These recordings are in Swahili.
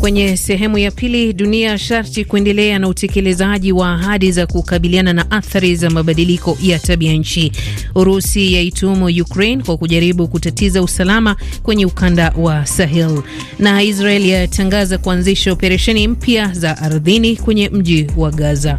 Kwenye sehemu ya pili, dunia sharti kuendelea na utekelezaji wa ahadi za kukabiliana na athari za mabadiliko ya tabia nchi. Urusi yaitumu Ukraine kwa kujaribu kutatiza usalama kwenye ukanda wa Sahel, na Israel yatangaza kuanzisha operesheni mpya za ardhini kwenye mji wa Gaza.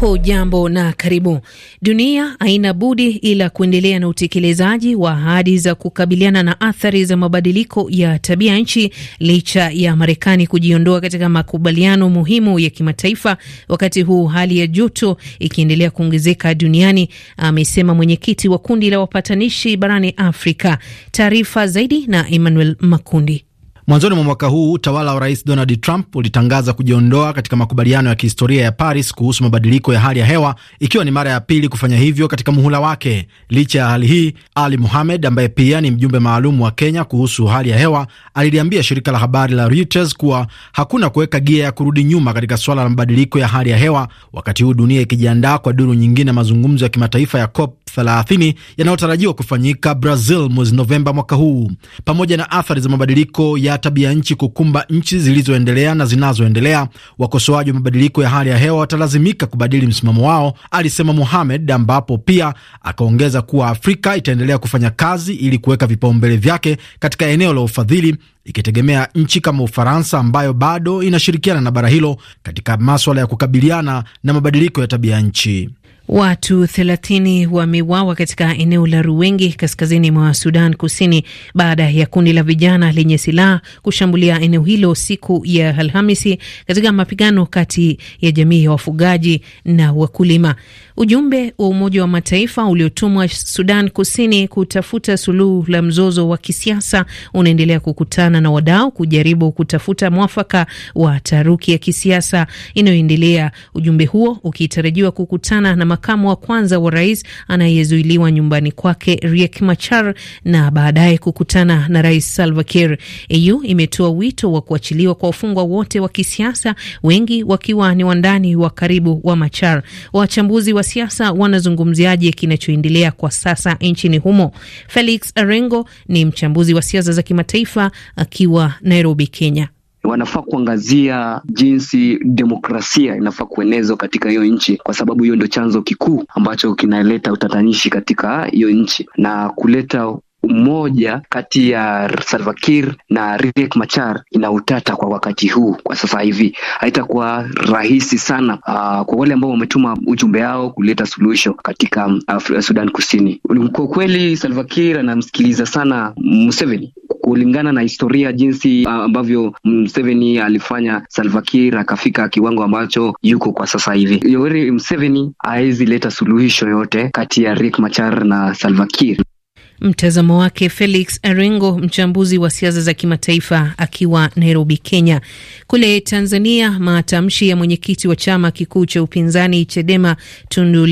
Hujambo na karibu. Dunia haina budi ila kuendelea na utekelezaji wa ahadi za kukabiliana na athari za mabadiliko ya tabia nchi licha ya Marekani kujiondoa katika makubaliano muhimu ya kimataifa, wakati huu hali ya joto ikiendelea kuongezeka duniani, amesema mwenyekiti wa kundi la wapatanishi barani Afrika. Taarifa zaidi na Emmanuel Makundi. Mwanzoni mwa mwaka huu utawala wa rais Donald Trump ulitangaza kujiondoa katika makubaliano ya kihistoria ya Paris kuhusu mabadiliko ya hali ya hewa, ikiwa ni mara ya pili kufanya hivyo katika muhula wake. Licha ya hali hii, Ali muhamed ambaye pia ni mjumbe maalum wa Kenya kuhusu hali ya hewa aliliambia shirika la habari la Reuters kuwa hakuna kuweka gia ya kurudi nyuma katika suala la mabadiliko ya hali ya hewa, wakati huu dunia ikijiandaa kwa duru nyingine mazungumzo ya kimataifa ya COP 30 yanayotarajiwa kufanyika Brazil mwezi Novemba mwaka huu. Pamoja na athari za mabadiliko ya tabia nchi kukumba nchi zilizoendelea na zinazoendelea, wakosoaji wa mabadiliko ya hali ya hewa watalazimika kubadili msimamo wao, alisema Mohamed, ambapo pia akaongeza kuwa Afrika itaendelea kufanya kazi ili kuweka vipaumbele vyake katika eneo la ufadhili ikitegemea nchi kama Ufaransa ambayo bado inashirikiana na bara hilo katika maswala ya kukabiliana na mabadiliko ya tabia nchi. Watu thelathini wameuawa katika eneo la Ruwengi kaskazini mwa Sudan Kusini baada ya kundi la vijana lenye silaha kushambulia eneo hilo siku ya Alhamisi katika mapigano kati ya jamii ya wafugaji na wakulima. Ujumbe wa Umoja wa Mataifa uliotumwa Sudan Kusini kutafuta suluhu la mzozo wa kisiasa unaendelea kukutana na wadau kujaribu kutafuta mwafaka wa taruki ya kisiasa inayoendelea, ujumbe huo ukitarajiwa kukutana na makamu wa kwanza wa rais anayezuiliwa nyumbani kwake Riek Machar na baadaye kukutana na rais Salva Kiir. EU imetoa wito wa kuachiliwa kwa wafungwa wote wa kisiasa, wengi wakiwa ni wandani wa karibu wa Machar. Wachambuzi wa siasa wanazungumziaje kinachoendelea kwa sasa nchini humo? Felix Arengo ni mchambuzi wa siasa za kimataifa akiwa Nairobi, Kenya wanafaa kuangazia jinsi demokrasia inafaa kuenezwa katika hiyo nchi, kwa sababu hiyo ndio chanzo kikuu ambacho kinaleta utatanishi katika hiyo nchi na kuleta umoja kati ya Salva Kiir na Riek Machar ina utata kwa wakati huu. Kwa sasa hivi haitakuwa rahisi sana uh, kwa wale ambao wametuma ujumbe wao kuleta suluhisho katika uh, Sudan Kusini. Kwa kweli Salva Kiir anamsikiliza sana Museveni kulingana na historia jinsi ah, ambavyo Mseveni alifanya Salva Kiir akafika kiwango ambacho yuko kwa sasa hivi. Yoweri Mseveni hawezi leta suluhisho yote kati ya Riek Machar na Salva Kiir. Mtazamo wake Felix Arengo, mchambuzi wa siasa za kimataifa akiwa Nairobi, Kenya. Kule Tanzania, matamshi ya mwenyekiti wa chama kikuu cha upinzani Chadema Tundu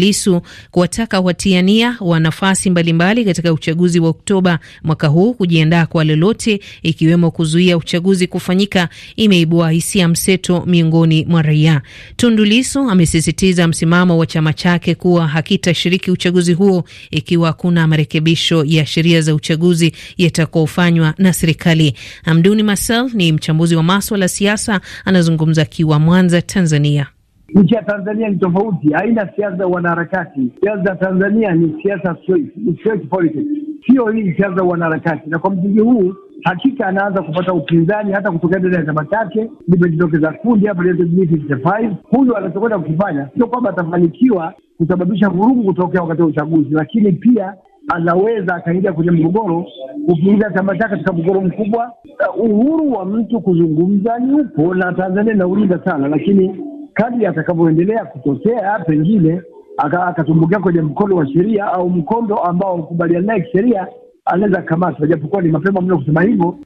kuwataka watiania wa nafasi mbalimbali katika uchaguzi wa Oktoba mwaka huu kujiandaa kwa lolote, ikiwemo kuzuia uchaguzi kufanyika, imeibua hisia mseto miongoni mwa raia. Tundu amesisitiza msimamo wa chama chake kuwa hakitashiriki uchaguzi huo ikiwa kuna marekebisho ya ya sheria za uchaguzi yatakaofanywa na serikali. Amduni Masel ni mchambuzi wa maswala ya siasa, anazungumza akiwa Mwanza, Tanzania. Nchi ya Tanzania ni tofauti, haina siasa za wanaharakati. Siasa za Tanzania ni siasa straight, straight politics, sio hii siasa za wanaharakati, na kwa msingi huu hakika anaanza kupata upinzani hata kutokea ndani ya chama chake. Limejitokeza kundi hapa huyu anachokwenda kukifanya sio kwamba atafanikiwa kusababisha vurugu kutokea wakati wa uchaguzi, lakini pia anaweza akaingia kwenye mgogoro, kupungiza tambata katika mgogoro mkubwa. Uh, uhuru wa mtu kuzungumza ni upo, na Tanzania inaulinda sana, lakini kadri atakavyoendelea kutokea, pengine akatumbukia kwenye mkondo wa sheria au mkondo ambao ukubaliana naye kisheria, anaweza kamatwa, japokuwa ni mapema mno kusema hivyo.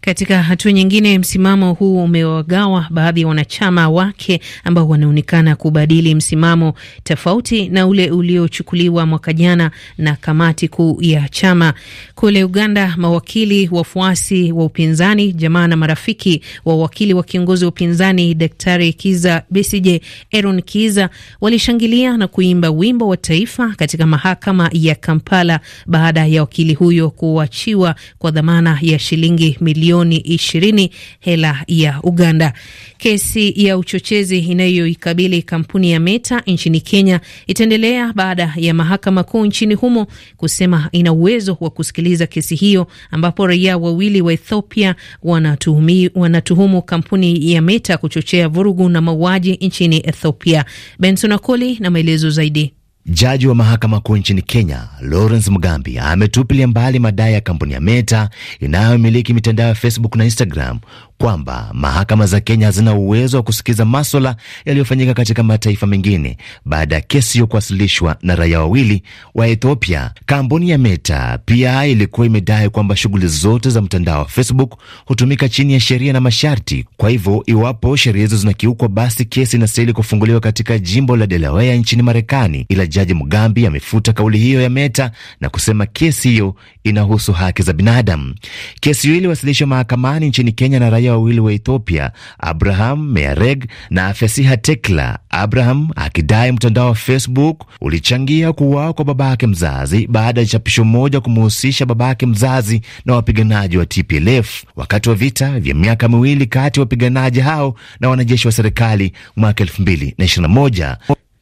Katika hatua nyingine, msimamo huu umewagawa baadhi ya wanachama wake ambao wanaonekana kubadili msimamo tofauti na ule uliochukuliwa mwaka jana na kamati kuu ya chama. Kule Uganda, mawakili, wafuasi wa upinzani, jamaa na marafiki wa wakili wa kiongozi wa upinzani Daktari Kiza Besije, Aaron Kiza, walishangilia na kuimba wimbo wa taifa katika mahakama ya Kampala baada ya wakili huyo kuachiwa kwa dhamana ya shilingi milioni ishirini hela ya Uganda. Kesi ya uchochezi inayoikabili kampuni ya Meta nchini Kenya itaendelea baada ya mahakama kuu nchini humo kusema ina uwezo wa kusikiliza kesi hiyo, ambapo raia wawili wa Ethiopia wanatuhumi, wanatuhumu kampuni ya Meta kuchochea vurugu na mauaji nchini Ethiopia. Benson Akoli na maelezo zaidi. Jaji wa mahakama kuu nchini Kenya Lawrence Mugambi ametupilia mbali madai ya kampuni ya Meta inayomiliki mitandao ya Facebook na Instagram kwamba mahakama za Kenya hazina uwezo wa kusikiza maswala yaliyofanyika katika mataifa mengine baada ya kesi hiyo kuwasilishwa na raia wawili wa Ethiopia. Kampuni ya Meta pia ilikuwa imedai kwamba shughuli zote za mtandao wa Facebook hutumika chini ya sheria na masharti. Kwa hivyo, iwapo sheria hizo zinakiukwa, basi kesi inastahili kufunguliwa katika jimbo la Delaware nchini Marekani. Ila Jaji Mugambi amefuta kauli hiyo ya Meta na kusema kesi hiyo inahusu haki za binadamu. Kesi hiyo iliwasilishwa mahakamani nchini Kenya na raia raia wawili wa Ethiopia, Abraham Meareg na Fesiha Tekla, Abraham akidai mtandao wa Facebook ulichangia kuuawa kwa babake mzazi baada ya chapisho moja kumhusisha babake mzazi na wapiganaji wa TPLF wakati wa vita vya miaka miwili kati ya wapiganaji hao na wanajeshi wa serikali mwaka 2021.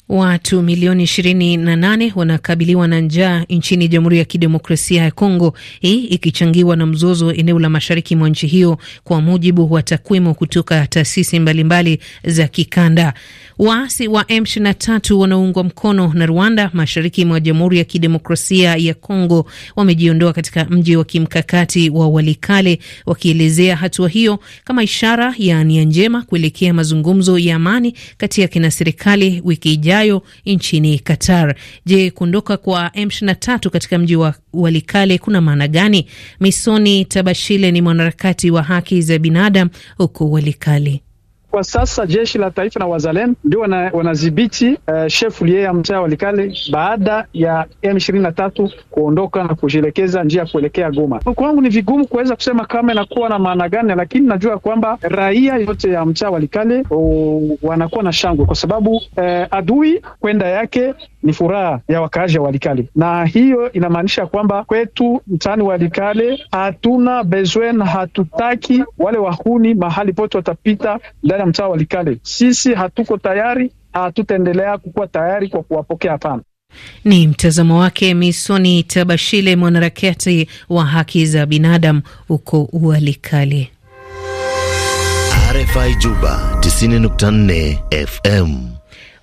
Watu milioni 28 wanakabiliwa na njaa nchini Jamhuri ya Kidemokrasia ya Kongo, hii ikichangiwa na mzozo eneo la mashariki mwa nchi hiyo, kwa mujibu wa takwimu kutoka taasisi mbalimbali za kikanda. Waasi wa M23 wanaoungwa mkono na Rwanda mashariki mwa Jamhuri ya Kidemokrasia ya Kongo wamejiondoa katika mji wa kimkakati wa Walikale, wakielezea hatua hiyo kama ishara ya nia njema kuelekea mazungumzo ya amani kati yake na serikali wiki ijayo ijayo nchini Qatar. Je, kuondoka kwa M23 katika mji wa Walikale kuna maana gani? Misoni Tabashile ni mwanaharakati wa haki za binadamu huko Walikale kwa sasa jeshi la taifa na wazalendo ndio wanadhibiti uh, eh, shefu ya mtaa Walikale baada ya M23 kuondoka na kujielekeza njia ya kuelekea Goma. Kwangu ni vigumu kuweza kusema kama inakuwa na maana gani, lakini najua kwamba raia yote ya mtaa Walikale wanakuwa na shangwe kwa sababu uh, adui kwenda yake ni furaha ya wakaaji wa Likale, na hiyo inamaanisha kwamba kwetu mtaani Walikale hatuna bezwen, hatutaki wale wahuni mahali pote watapita ndani mtaa wa Likale. Sisi hatuko tayari, hatutaendelea kukuwa tayari kwa kuwapokea. Hapana. Ni mtazamo wake Misoni Tabashile, mwanaharakati wa haki za binadamu huko Ualikali. RFI Juba 90.4 FM.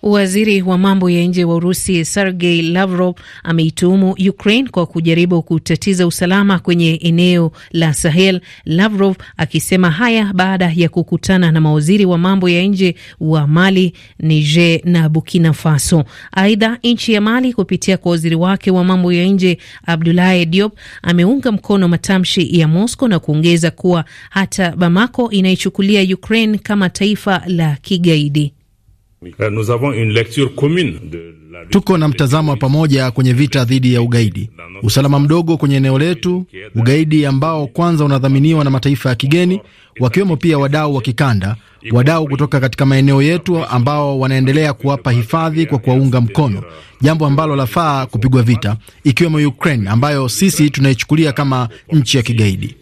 Waziri wa mambo ya nje wa Urusi Sergei Lavrov ameituhumu Ukraine kwa kujaribu kutatiza usalama kwenye eneo la Sahel, Lavrov akisema haya baada ya kukutana na mawaziri wa mambo ya nje wa Mali, Niger na Burkina Faso. Aidha, nchi ya Mali kupitia kwa waziri wake wa mambo ya nje Abdoulaye Diop ameunga mkono matamshi ya Moscow na kuongeza kuwa hata Bamako inaichukulia Ukraine kama taifa la kigaidi. Euh, Tuko na mtazamo wa pamoja kwenye vita dhidi ya ugaidi, usalama mdogo kwenye eneo letu, ugaidi ambao kwanza unadhaminiwa na mataifa ya kigeni wakiwemo pia wadau wa kikanda, wadau kutoka katika maeneo yetu ambao wanaendelea kuwapa hifadhi kwa kuwaunga mkono, jambo ambalo lafaa kupigwa vita, ikiwemo Ukraine ambayo sisi tunaichukulia kama nchi ya kigaidi.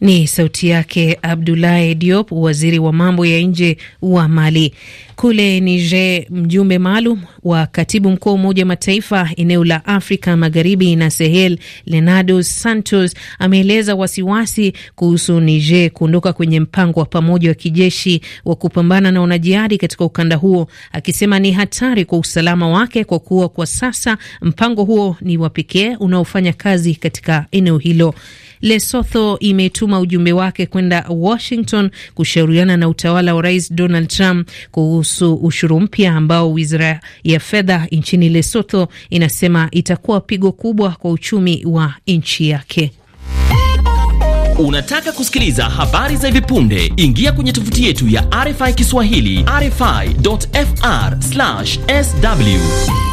Ni sauti yake Abdoulaye Diop, waziri wa mambo ya nje wa Mali. Kule Niger, mjumbe maalum wa katibu mkuu wa Umoja wa Mataifa eneo la Afrika Magharibi na Sahel, Leonardo Santos ameeleza wasiwasi kuhusu Niger kuondoka kwenye mpango wa pamoja wa kijeshi wa kupambana na wanajihadi katika ukanda huo, akisema ni hatari kwa usalama wake kwa kuwa kwa sasa mpango huo ni wa pekee unaofanya kazi katika eneo hilo. Lesotho imetuma ujumbe wake kwenda Washington kushauriana na utawala wa Rais Donald Trump kuhusu ushuru mpya ambao wizara ya fedha nchini Lesotho inasema itakuwa pigo kubwa kwa uchumi wa nchi yake. Unataka kusikiliza habari za hivi punde? Ingia kwenye tovuti yetu ya RFI Kiswahili, rfi.fr/sw.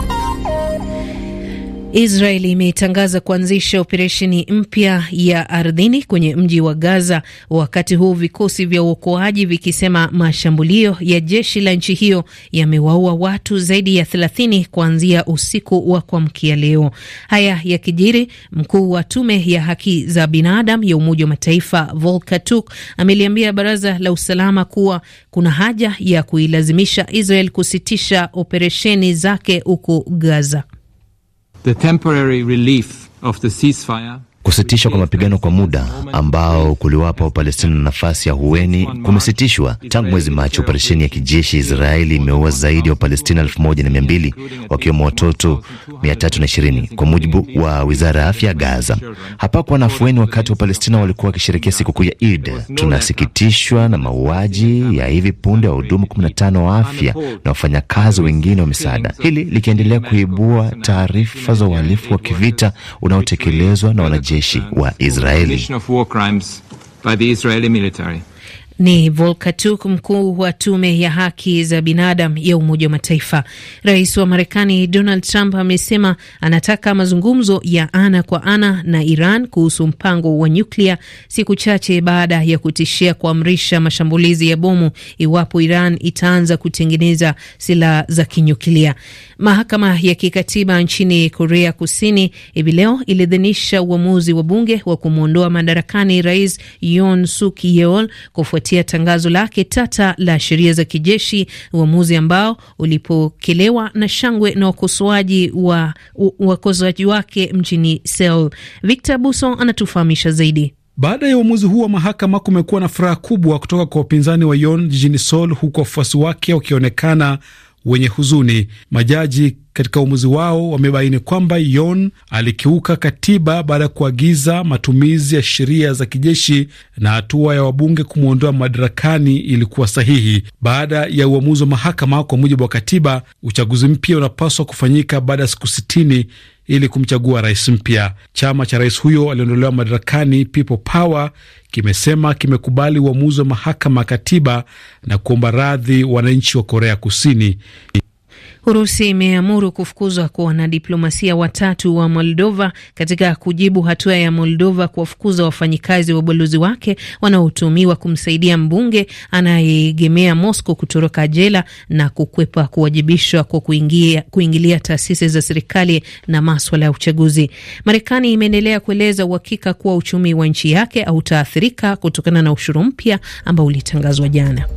Israel imetangaza kuanzisha operesheni mpya ya ardhini kwenye mji wa Gaza, wakati huu vikosi vya uokoaji vikisema mashambulio ya jeshi la nchi hiyo yamewaua watu zaidi ya 30 kuanzia usiku wa kuamkia leo. Haya ya kijiri mkuu wa tume ya haki za binadamu ya Umoja wa Mataifa Volker Turk ameliambia baraza la usalama kuwa kuna haja ya kuilazimisha Israel kusitisha operesheni zake huko Gaza. the temporary relief of the ceasefire Kusitishwa kwa mapigano kwa muda ambao kuliwapa Wapalestina nafasi ya hueni kumesitishwa tangu mwezi Machi. Operesheni ya kijeshi Israeli imeua zaidi ya Wapalestina elfu moja na mia mbili wakiwemo watoto 320 kwa mujibu wa wizara ya afya ya Gaza. Hapakuwa na afueni wakati Wapalestina walikuwa wakisherekea sikukuu ya Id. Tunasikitishwa na mauaji ya hivi punde wahudumu 15 wa afya na wafanyakazi wengine wa misaada, hili likiendelea kuibua taarifa za uhalifu wa kivita unaotekelezwa na wanajeshi wanajeshi wa Israeli. Ni Volkatuk, mkuu wa tume ya haki za binadam ya Umoja wa Mataifa. Rais wa Marekani Donald Trump amesema anataka mazungumzo ya ana kwa ana na Iran kuhusu mpango wa nyuklia, siku chache baada ya kutishia kuamrisha mashambulizi ya bomu iwapo Iran itaanza kutengeneza silaha za kinyuklia. Mahakama ya kikatiba nchini Korea Kusini hivi leo iliidhinisha uamuzi wa bunge wa kumwondoa madarakani Rais Yoon Suk Yeol kufuatia kufuatia tangazo lake tata la sheria za kijeshi, uamuzi ambao ulipokelewa na shangwe na wakosoaji wa wakosoaji wake mjini Seoul. Victor Buso anatufahamisha zaidi. Baada ya uamuzi huu wa mahakama, kumekuwa na furaha kubwa kutoka kwa upinzani wa Yon jijini Seoul, huku wafuasi wake wakionekana wenye huzuni. Majaji katika uamuzi wao wamebaini kwamba Yon alikiuka katiba baada ya kuagiza matumizi ya sheria za kijeshi na hatua ya wabunge kumwondoa madarakani ilikuwa sahihi. Baada ya uamuzi wa mahakama, kwa mujibu wa katiba, uchaguzi mpya unapaswa kufanyika baada ya siku sitini ili kumchagua rais mpya. Chama cha rais huyo aliondolewa madarakani People Power kimesema kimekubali uamuzi wa mahakama ya katiba na kuomba radhi wananchi wa Korea Kusini. Urusi imeamuru kufukuzwa kwa wanadiplomasia watatu wa Moldova katika kujibu hatua ya Moldova kuwafukuza wafanyikazi wa ubalozi wake wanaotumiwa kumsaidia mbunge anayeegemea Moscow kutoroka jela na kukwepa kuwajibishwa kwa kuingia, kuingilia taasisi za serikali na maswala ya uchaguzi. Marekani imeendelea kueleza uhakika kuwa uchumi wa nchi yake hautaathirika kutokana na ushuru mpya ambao ulitangazwa jana.